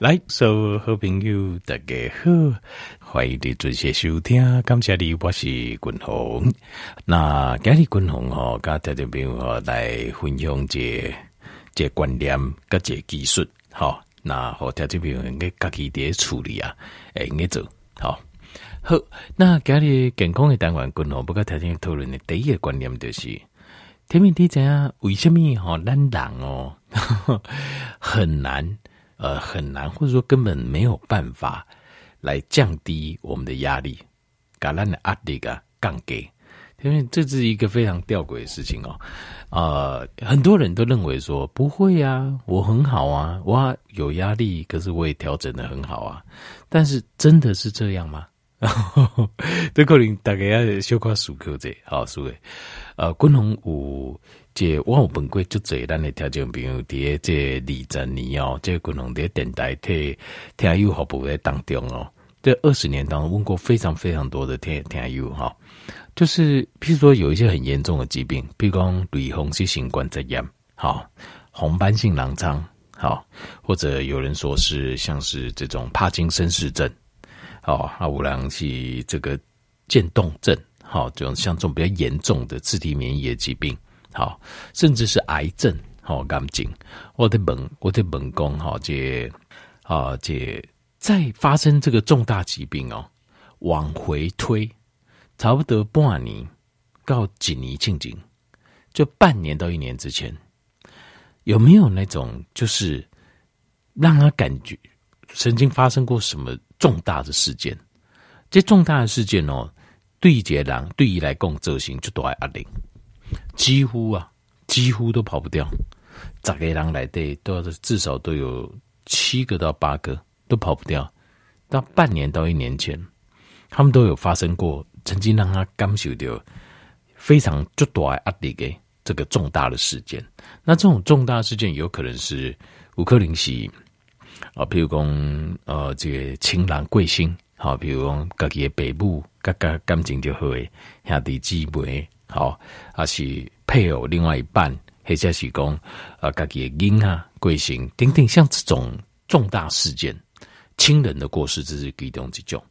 來，所、so, 有好朋友，大家好，歡迎你準時收聽，感謝你，我是軍鴻。那今日軍鴻哦，跟聽眾朋友來分享一下，這觀點，各這技術，哈、哦。那和聽眾朋友嘅各自嘅處理啊，誒，我、哦、做，好，那今日健康嘅單元，軍宏，不跟聽眾討論嘅第一個觀點，就是，天明你知道，為什麼吼咱人哦？哦 很難。呃，很難，或者說根本沒有辦法來降低我們的壓力。嘎啦的阿迪噶槓桿，因為這是一個非常吊詭的事情哦。啊、呃，很多人都認為說不會啊，我很好啊，我有壓力，可是我也調整得很好啊。但是真的是這樣嗎？都 可能大家要小誇思考者，好輸的。呃，君宏有這我有問過就最難的條件，比如第一這二十年哦、喔，這個君宏在電台特聽有服務的當中哦、喔。這二十年當中問過非常非常多的特聽有哈，就是譬如說有一些很嚴重的疾病，比如講類風濕性關節炎好，紅斑性狼瘡，好，或者有人說是像是這種帕金森氏症。哦，啊，無論是這個漸凍症，好、哦，這種像這種比較嚴重的自體免疫的疾病，好、哦，甚至是癌症，好、哦，趕緊，我的本，我的本宮，好、哦、姐，啊姐，在發生這個重大疾病哦，往回推，差不多半年，告錦年慶景，就半年到一年之前，有沒有那種就是讓他感覺曾經發生過什麼？重大的事件，這重大的事件哦，對一個人，對伊來講，這種事情就多大的壓力，幾乎啊，幾乎都跑不掉。十個人來對，至少都有七個到八個都跑不掉。到半年到一年前，他們都有發生過，曾經讓他感受到非常大的壓力的這個重大的事件。那這種重大的事件有可能是烏克林。西。啊，比如講，呃，這親人貴姓？啊，比如講，家己的父母，家家感情就好誒，兄弟姊妹，好，還是配偶另外一半？或者是講，啊、呃，家己的姻啊，貴姓？等等，像這種重大事件，親人的過世，這是其中一種。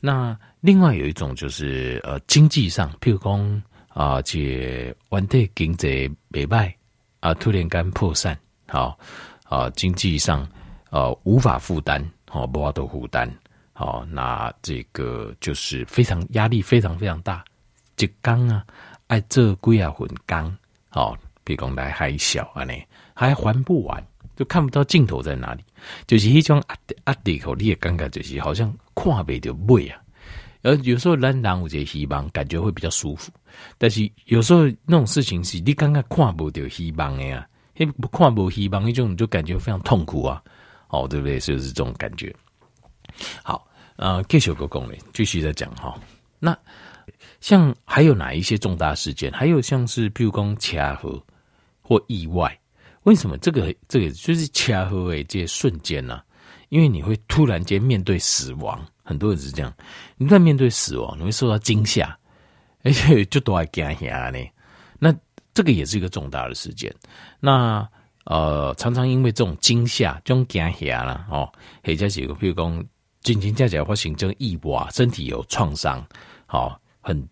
那另外有一種就是，呃，經濟上，譬如講，啊、呃，這外地經濟敗壞，啊，突然間破產，好，啊、呃，經濟上。呃，無法負擔，無法負擔，哦，那這個就是非常壓力，非常非常大。一天啊，要做，幾份工，哦，比如說還小還還不完，就看不到盡頭在哪裡。就是那種壓力，你也感覺就是好像看不到背啊。而有時候人有一個希望，感覺會比較舒服。但是有時候那種事情是你感覺看不到希望的、啊、那不看不到希望那種，就感覺非常痛苦啊。哦，對不對？就是這種感覺。好，呃，繼續跟我講，繼續再講哈、哦。那像還有哪一些重大事件？還有像是，譬如講巧合或意外。為什麼這個這個就是巧合的這些瞬間呢、啊？因為你會突然間面對死亡，很多人是這樣。你在面對死亡，你會受到驚嚇，而且就都愛驚嚇呢。那這個也是一個重大的事件。那。呃，常常因為這種驚嚇、這種驚嚇了哦，或幾個比如講，真真正正發生這種意外，身體有創傷，好、哦，很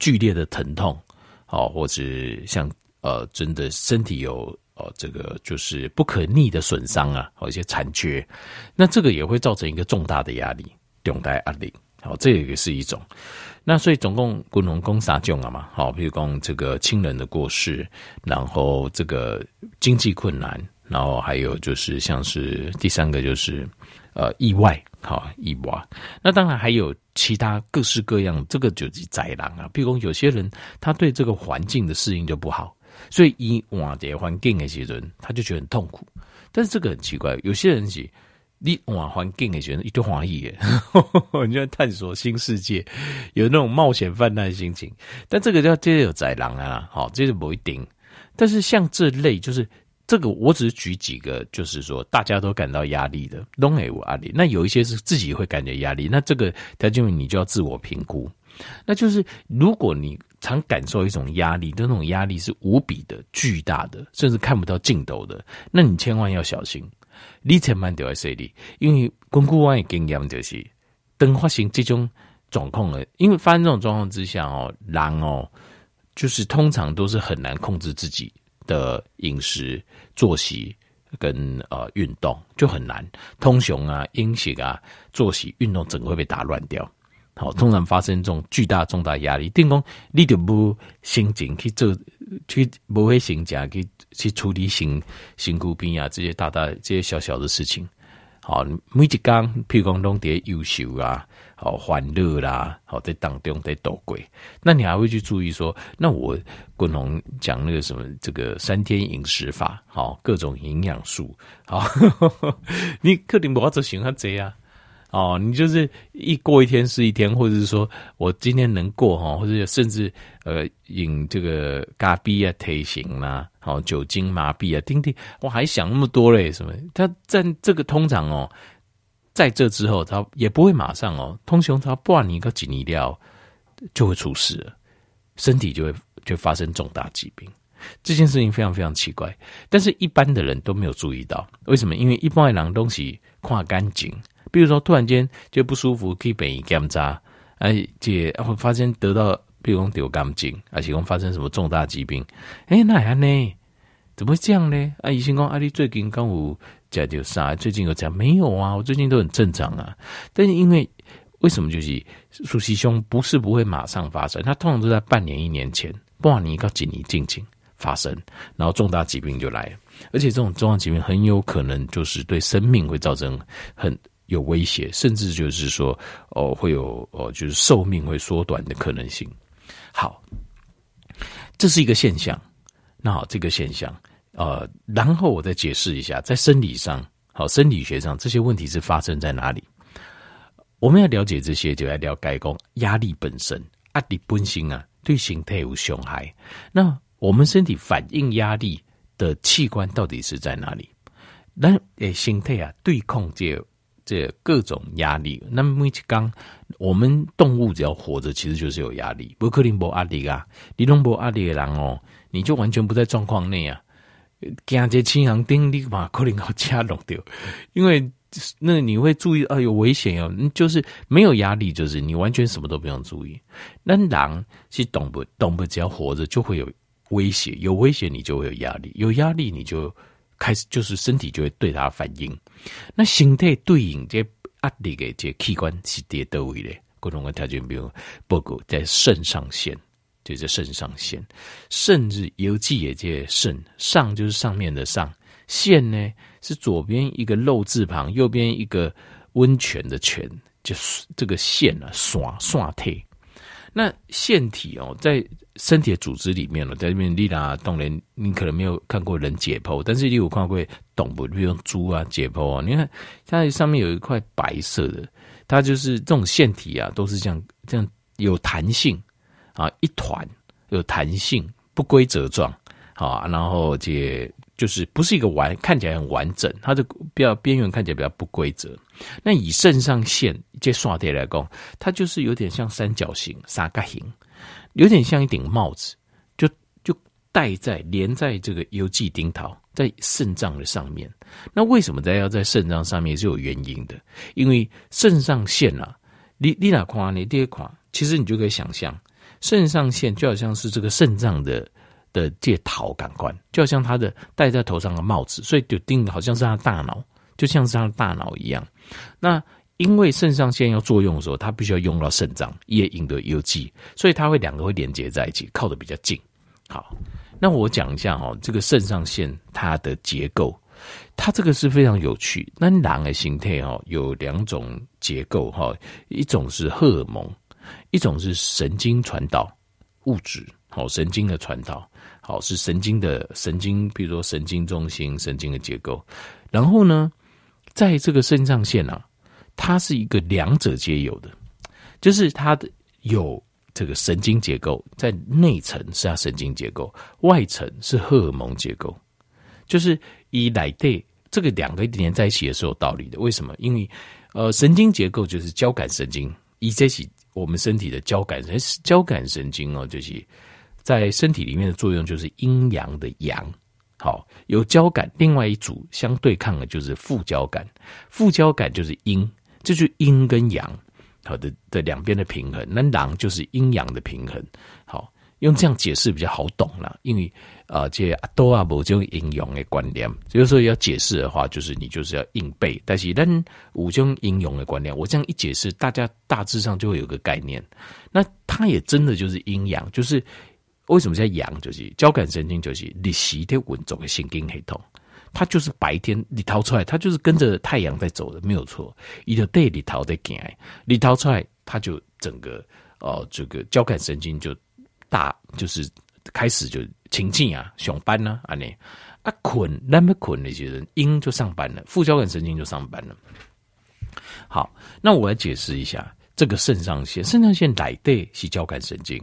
劇烈的疼痛，好、哦，或者像呃，真的身體有呃、哦、這個就是不可逆的損傷啊，有、哦、一些殘缺，那這個也會造成一個重大的壓力，重大壓力。好，這也是一種，那所以總共五種公殺種了嘛？好，譬如講這個親人的過世，然後這個經濟困難，然後還有就是像是第三個就是呃意外，好、哦、意外。那當然還有其他各式各樣，這個就是災難啊。譬如說有些人他對這個環境的適應就不好，所以以瓦的環境的些人他就覺得很痛苦。但是這個很奇怪，有些人你往環境裡得一堆懷疑，你就要探索新世界，有那種冒險犯難的心情。但這個叫接着有宰狼啊，好，這個不一定。但是像這類，就是這個，我只舉幾個，就是說大家都感到壓力的，東沒我阿里那有一些是自己會感覺壓力，那這個他就你就要自我評估。那就是如果你常感受一種壓力，那種壓力是無比的巨大的，甚至看不到盡頭的，那你千萬要小心。你千萬要記得，因為根據我的經驗就是，當發生這種狀況的，因為發生這種狀況之下哦，人哦，就是通常都是很難控制自己的飲食、作息跟呃運動，就很難，通宵啊、飲食啊、作息、運動，總會被打亂掉。好、哦，通常發生這種巨大重大壓力，電工，你的不心情去做。去不會請假去去處理辛辛苦病啊，這些大大這些小小的事情，好每一天譬如說弄點優秀啊，好歡樂啦、啊，好在當中在度過。那你還會去注意說，那我共同講那個什麼這個三天飲食法，好各種營養素，好你肯定不要做喜歡這樣。哦，你就是一過一天是一天，或者是說我今天能過哈，或者甚至呃飲這個咖啡啊、提醒啦，好酒精麻痹啊、聽聽，我還想那麼多嘞，什麼？他在這個通常哦，在這之後他也不會馬上哦，通常他半年到幾年後，就會出事了，身體就會就會發生重大疾病。這件事情非常非常奇怪，但是一般的人都沒有注意到，為什麼？因為一般的人東西跨乾淨。比如說，突然間就不舒服，可以被檢查，而且會發現得到比如說丟乾淨，而且會發生什麼重大疾病？哎、欸，那樣呢？怎麼會這樣呢？啊，醫生講，阿姨最近剛有家丟上最近有這樣、啊、沒有啊？我最近都很正常啊。但是因為為什麼就是熟悉胸不是不會馬上發生，它通常都在半年一年前，不管你一個幾年進情發生，然後重大疾病就來了。而且這種重大疾病很有可能就是對生命會造成很有威脅，甚至就是說，哦、呃，會有哦、呃，就是壽命會縮短的可能性。好，這是一個現象。那好，這個現象，呃，然後我再解釋一下，在生理上，好、哦，生理學上，這些問題是發生在哪裡？我們要了解這些，就要了解講壓力本身，壓、啊、力本身啊，對心態有傷害。那我們身體反應壓力的器官到底是在哪裡？那誒，心態啊，對控就。這各種壓力，那麼只講，我們動物只要活着，其實就是有壓力。不可能沒壓力啊，你攏無壓力的人哦、喔，你就完全不在狀況內啊！驚這青紅燈力把克林高家弄掉，因為那你會注意啊，有危險喲。就是沒有壓力，就是你完全什麼都不用注意。那狼是動物，動物，只要活着就會有威脅，有威脅你就會有壓力，有壓力你就。開始就是身體就會對它反應，那形態對應這壓力的這個器官是第多位的，各種的條件，比如包括在腎上腺，就是腎上腺，腎是由記也叫腎，上就是上面的上，腺呢，是左邊一個肉字旁，右邊一個溫泉的泉，就是這個腺呢、啊，腺腺那腺體哦、喔，在身體的組織裡面了、喔，在那邊利拉動人，你可能沒有看過人解剖，但是你有看過動物，比如用豬啊解剖啊，你看它上面有一塊白色的，它就是這種腺體啊，都是這樣這樣有彈性啊，一團有彈性，不規則狀啊，然後解、這個。就是不是一個完看起來很完整，它的比較邊緣看起來比較不規則。那以腎上腺這刷題來講，它就是有點像三角形，三角形，有點像一頂帽子，就就戴，在連在這個郵寄頂桃在腎臟的上面。那為什麼在要在腎臟上面是有原因的？因為腎上腺啊，你你哪誇呢？第一款，其實你就可以想象，腎上腺就好像是這個腎臟的。的這桃感官，就好像他的戴在頭上的帽子，所以就定好像是他的大腦，就像是他的大腦一樣。那因為腎上腺要作用的時候，他必須要用到腎臟，也引得郵寄，所以他會兩個會連接在一起，靠得比較近。好，那我講一下哈、喔，這個腎上腺它的結構，它這個是非常有趣。那狼的形態哈、喔，有兩種結構哈、喔，一種是荷爾蒙，一種是神經傳導物質。好，神經的傳導，好，是神經的，神經，比如說神經中心、神經的結構。然後呢，在這個腎上腺啊，它是一個兩者皆有的，就是它的有這個神經結構在內層，是它神經結構，外層是荷爾蒙結構。就是以來對這個兩個連在一起也是有道理的。為什麼？因為呃，神經結構就是交感神經，以這起我們身體的交感神經，交感神經哦、喔，就是。在身體裡面的作用就是陰陽的陽，好有交感；另外一組相對抗的就是副交感。副交感就是陰，這就陰跟陽好的的兩邊的平衡。那人就是陰陽的平衡，好用這樣解釋比較好懂了。因為啊、呃，這多啊沒有這種陰陽的觀念，所以說要解釋的話，就是你就是要硬背。但是咱有這種陰陽的觀念，我這樣一解釋，大家大致上就會有個概念。那它也真的就是陰陽，就是。為什麼叫陽？就是交感神經，就是你白天穩重的神經系統，它就是白天你逃出來，它就是跟着太陽在走的，沒有錯。一條對，你逃得開，你逃出來，它就整個哦、呃，這個交感神經就大，就是開始就前進啊，上班呢、啊，安尼啊困那麼困那些人，陰就上班了，副交感神經就上班了。好，那我來解釋一下這個腎上腺，腎上腺來的是交感神經。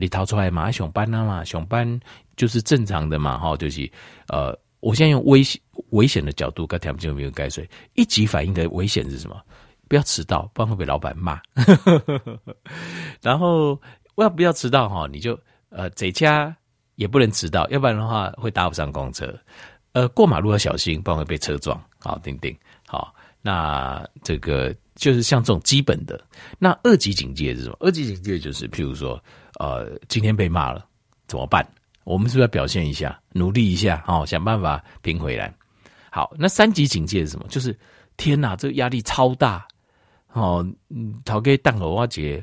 你逃出來嘛？熊、啊、班啊嘛，熊班就是正常的嘛。哈，就是呃，我現在用危危險的角度，各位聽不見有沒有？蓋水一級反應的危險是什麼？不要遲到，不然會被老闆罵。 然後我要不要遲到哈？你就呃，在家也不能遲到，要不然的話會搭不上公車。呃，過馬路要小心，不然會被車撞。好，丁丁，好，那這個就是像這種基本的。那二級警戒是什麼？二級警戒就是譬如說。呃，今天被罵了，怎麼辦？我們是不是要表現一下，努力一下哦，想辦法拼回來？好，那三級警戒是什麼？就是天哪、啊，這個壓力超大哦，嗯，逃給蛋殼挖掘。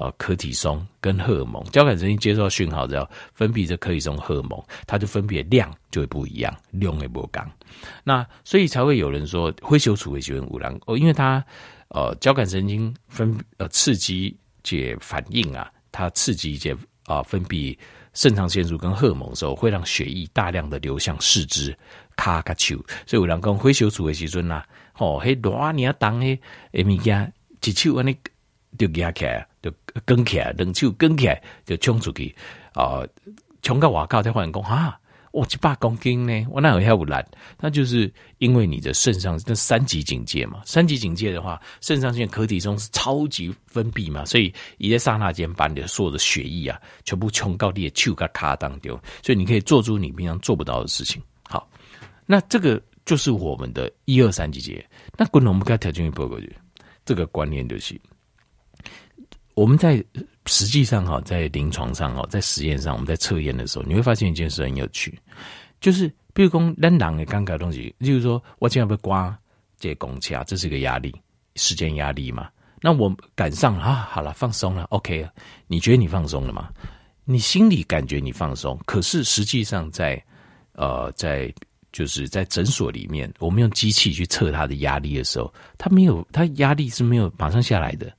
啊，可體松跟荷爾蒙，交感神經接受訊號之後，分泌這可體松荷爾蒙，它就分泌的量就會不一樣，量會不同。那所以才會有人說揮球組會喜歡五郎哦，因為他呃，交感神經分呃刺激這反應啊，它刺激這啊、呃、分泌腎上腺素跟荷爾蒙的時候，會讓血液大量的流向四肢，卡卡球。所以五郎跟揮球組的時陣吶、啊，吼嘿，熱年當嘿，誒咪家，一隻手安尼就壓起來了。就扛起來，兩手扛起來，就衝出去啊！衝個瓦溝，才發現哈啊，我一百公斤呢，我哪有那麼難？那就是因為你的腎上是三級警戒嘛，三級警戒的話，腎上腺可體中是超級分泌嘛，所以一在剎那間把你的所有的血液啊，全部衝到你的手和腳當中，所以你可以做出你平常做不到的事情。好，那這個就是我們的一二三級戒。那我們把它調進去播過去，這個觀念就是。我們在實際上哈，在臨床上哦，在實驗上，我們在測驗的時候，你會發現一件事很有趣，就是比如講，剛剛尷尬的東西，就是說我，是說我要這樣被刮，這公車啊，這是一個壓力，時間壓力嘛。那我趕上了啊，好了，放鬆了，OK。你覺得你放鬆了嗎？你心裡感覺你放鬆，可是實際上在呃，在就是在診所裡面，我們用機器去測他的壓力的時候，他沒有，他壓力是沒有馬上下來的。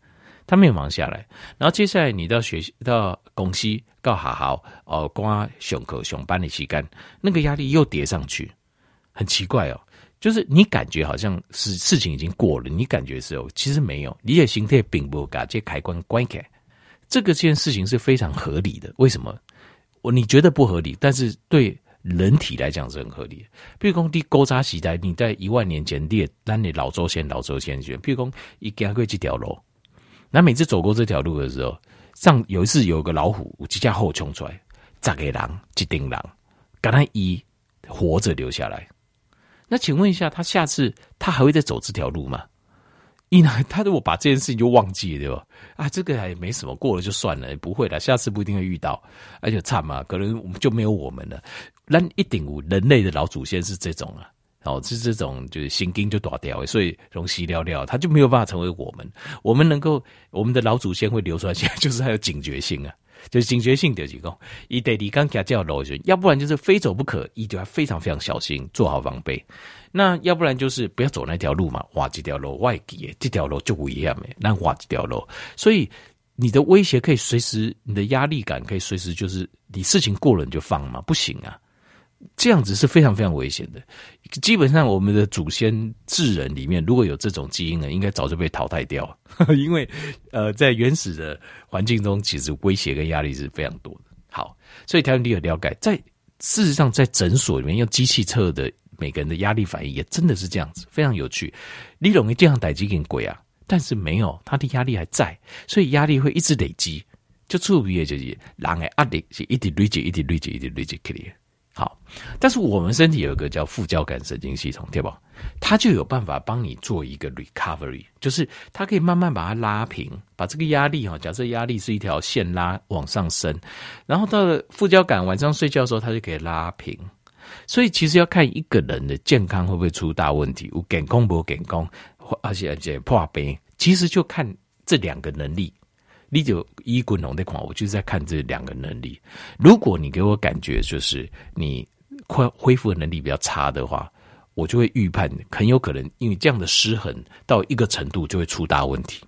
他沒有忙下來，然後接下來你到學到公司到學校哦，安、呃、上課、上班的期間，那個壓力又疊上去，很奇怪哦。就是你感覺好像是事情已經過了，你感覺是哦，其實沒有，你的心態並不改，這開關關開。這個件事情是非常合理的，為什麼？我你覺得不合理，但是對人體來講是很合理的。比如講你勾扎時代，你在一萬年前，你也當你老祖先老祖先，比如講你走過幾條路。那每次走過這條路的時候，上有一次有一個老虎接後衝出來，十個人，一頂人，跟他一活着留下來。那請問一下，他下次他還會再走這條路嗎？一呢，他如果把這件事情就忘記了，對吧？啊，這個也沒什麼，過了就算了，不會了，下次不一定會遇到，而且差嘛，可能我們就沒有我們了。那一定有人類的老祖先是這種啊。哦，是這種，就是心經就斷掉，所以容易寥寥，他就沒有辦法成為我們。我們能夠，我們的老祖先會流傳下來，就是還有警覺性啊，就是警覺性就是講。他第二天騎這條路的時候，要不然就是非走不可，你就要非常非常小心，做好防備。那要不然就是不要走那條路嘛，瓦這條路外底，這條路就很危險沒，那瓦這條路，所以你的威脅可以隨時，你的壓力感可以隨時，就是你事情過了你就放嘛，不行啊。這樣子是非常非常危險的。基本上，我們的祖先智人裡面如果有這種基因呢，應該早就被淘汰掉了， 因為呃，在原始的環境中，其實威脅跟壓力是非常多的。好，所以台灣你有了解，在事實上，在診所裡面用機器測的每個人的壓力反應，也真的是這樣子，非常有趣。你容易這樣打擊跟鬼啊，但是沒有他的壓力還在，所以壓力會一直累積，就處於就是人的壓力是一點累積，一點累積，一點累積可以。好，但是我們身體有一個叫副交感神經系統，對吧？它就有辦法幫你做一個 recovery，就是它可以慢慢把它拉平，把這個壓力哈，假設壓力是一條線拉往上升，然後到了副交感晚上睡覺的時候，它就可以拉平。所以其實要看一個人的健康會不會出大問題，我減控不減控，而且而且破杯，其實就看這兩個能力。第九一滾龍的話，我就是在看這兩個能力。如果你給我感覺就是你快恢復能力比較差的話，我就會預判很有可能，因為這樣的失衡到一個程度就會出大問題，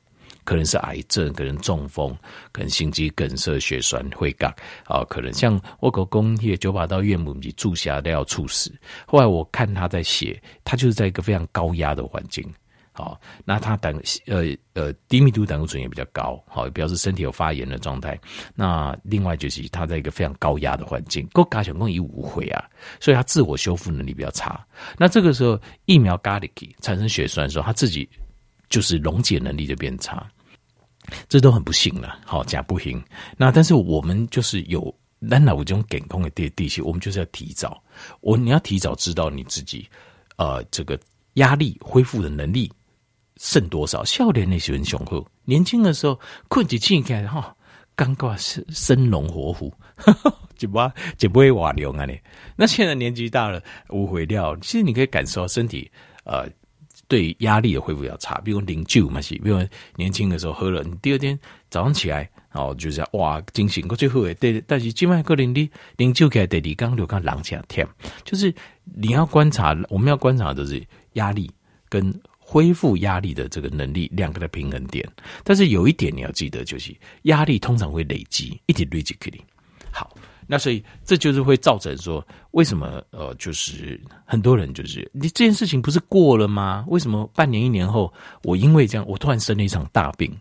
可能是癌症，可能中風，可能心肌梗塞、血栓、會乾啊，可能像我克工業九把刀岳母及住下都要猝死。後來我看他在寫，他就是在一個非常高壓的環境。好，那他膽呃呃低密度膽固醇也比較高，好也表示身體有發炎的狀態。那另外就是他在一個非常高壓的環境，高嘎血供已無回啊，所以他自我修復能力比較差。那這個時候疫苗嘎利基產生血栓的時候，他自己就是溶解能力就變差，這都很不幸了。好，假不行。那但是我們就是有那我有這種感控的地地區，我們就是要提早，我你要提早知道你自己呃這個壓力恢復的能力。剩多少？少年那時陣上好，年輕的時候困起起來哈，干剛生生龍活虎，怎不怎不會瓦流安尼？那現在年紀大了，無悔了，其實你可以感受到身體，呃，對壓力的恢復較差。比如喝酒嘛，是，比如說年輕的時候喝了，你第二天早上起來哦，就是、啊、哇，精神。過最好的，但是另外一個人的喝酒，給得你剛流干冷下天，就是你要觀察，我們要觀察的是壓力跟。恢復壓力的這個能力兩個的平衡點，但是有一點你要記得，就是壓力通常會累積，一點累積可以。好，那所以這就是會造成說，為什麼呃，就是很多人就是你這件事情不是過了嗎？為什麼半年一年後，我因為這樣，我突然生了一場大病，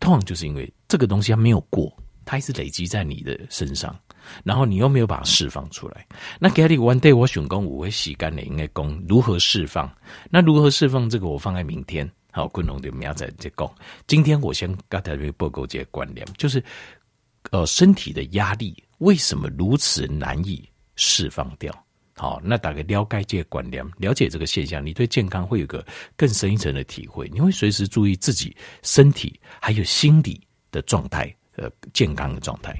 通常就是因為這個東西它沒有過。它一直累積在你的身上，然後你又沒有把它釋放出來。那給你 t o 我選工我會洗乾淨該工，應該如何釋放？那如何釋放這個？我放在明天。好，昆龍的苗仔，在講，今天我先給大家報告這些觀念，就是呃身體的壓力為什麼如此難以釋放掉？好，那大概了解這些觀念，了解這個現象，你對健康會有個更深一層的體會。你會隨時注意自己身體還有心理的狀態。呃，健康的狀態。